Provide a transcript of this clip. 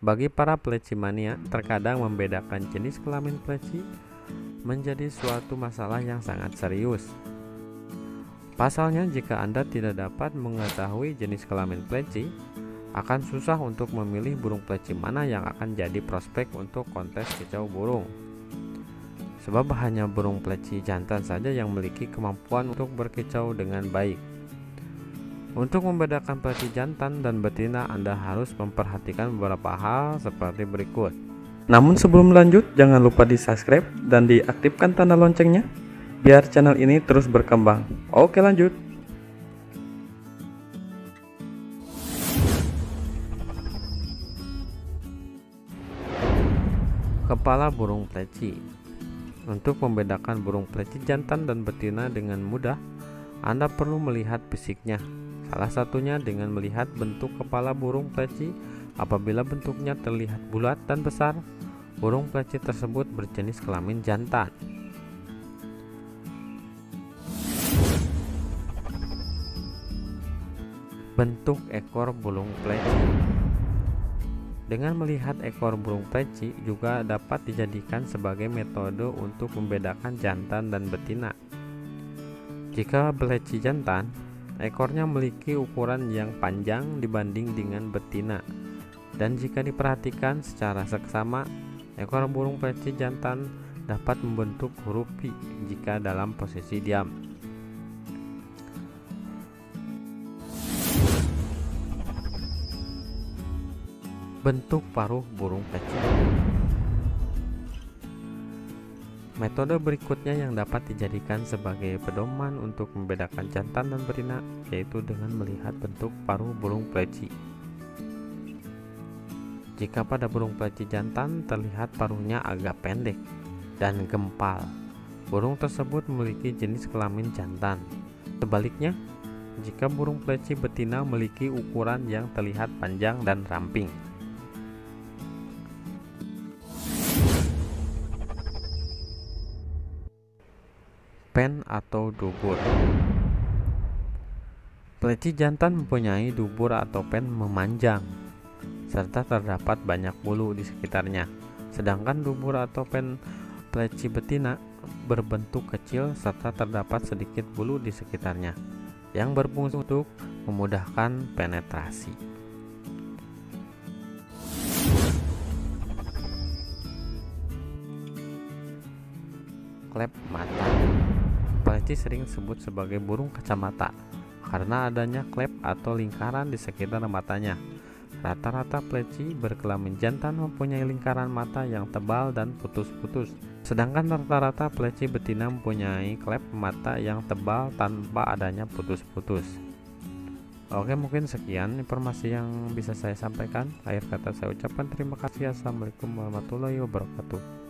Bagi para mania, terkadang membedakan jenis kelamin pleci menjadi suatu masalah yang sangat serius. Pasalnya, jika Anda tidak dapat mengetahui jenis kelamin pleci, akan susah untuk memilih burung pleci mana yang akan jadi prospek untuk kontes kicau burung. Sebab hanya burung pleci jantan saja yang memiliki kemampuan untuk berkicau dengan baik. Untuk membedakan peti jantan dan betina, Anda harus memperhatikan beberapa hal seperti berikut. Namun sebelum lanjut, jangan lupa di subscribe dan diaktifkan tanda loncengnya, biar channel ini terus berkembang. Oke lanjut. Kepala burung pleci Untuk membedakan burung pleci jantan dan betina dengan mudah, Anda perlu melihat fisiknya, Salah satunya dengan melihat bentuk kepala burung pleci. Apabila bentuknya terlihat bulat dan besar, burung pleci tersebut berjenis kelamin jantan. Bentuk ekor burung pleci dengan melihat ekor burung pleci juga dapat dijadikan sebagai metode untuk membedakan jantan dan betina. Jika pleci jantan, Ekornya memiliki ukuran yang panjang dibanding dengan betina. Dan jika diperhatikan secara seksama, ekor burung peci jantan dapat membentuk huruf V jika dalam posisi diam. Bentuk paruh burung peci. Metode berikutnya yang dapat dijadikan sebagai pedoman untuk membedakan jantan dan betina yaitu dengan melihat bentuk paruh burung pleci. Jika pada burung pleci jantan terlihat paruhnya agak pendek dan gempal, burung tersebut memiliki jenis kelamin jantan. Sebaliknya, jika burung pleci betina memiliki ukuran yang terlihat panjang dan ramping, pen atau dubur. Peleci jantan mempunyai dubur atau pen memanjang, serta terdapat banyak bulu di sekitarnya. Sedangkan dubur atau pen peleci betina berbentuk kecil serta terdapat sedikit bulu di sekitarnya yang berfungsi untuk memudahkan penetrasi. Klep mata Paletti sering disebut sebagai burung kacamata karena adanya klep atau lingkaran di sekitar matanya. Rata-rata pleci berkelamin jantan mempunyai lingkaran mata yang tebal dan putus-putus. Sedangkan rata-rata pleci betina mempunyai klep mata yang tebal tanpa adanya putus-putus. Oke mungkin sekian informasi yang bisa saya sampaikan. Akhir kata saya ucapkan terima kasih. Assalamualaikum warahmatullahi wabarakatuh.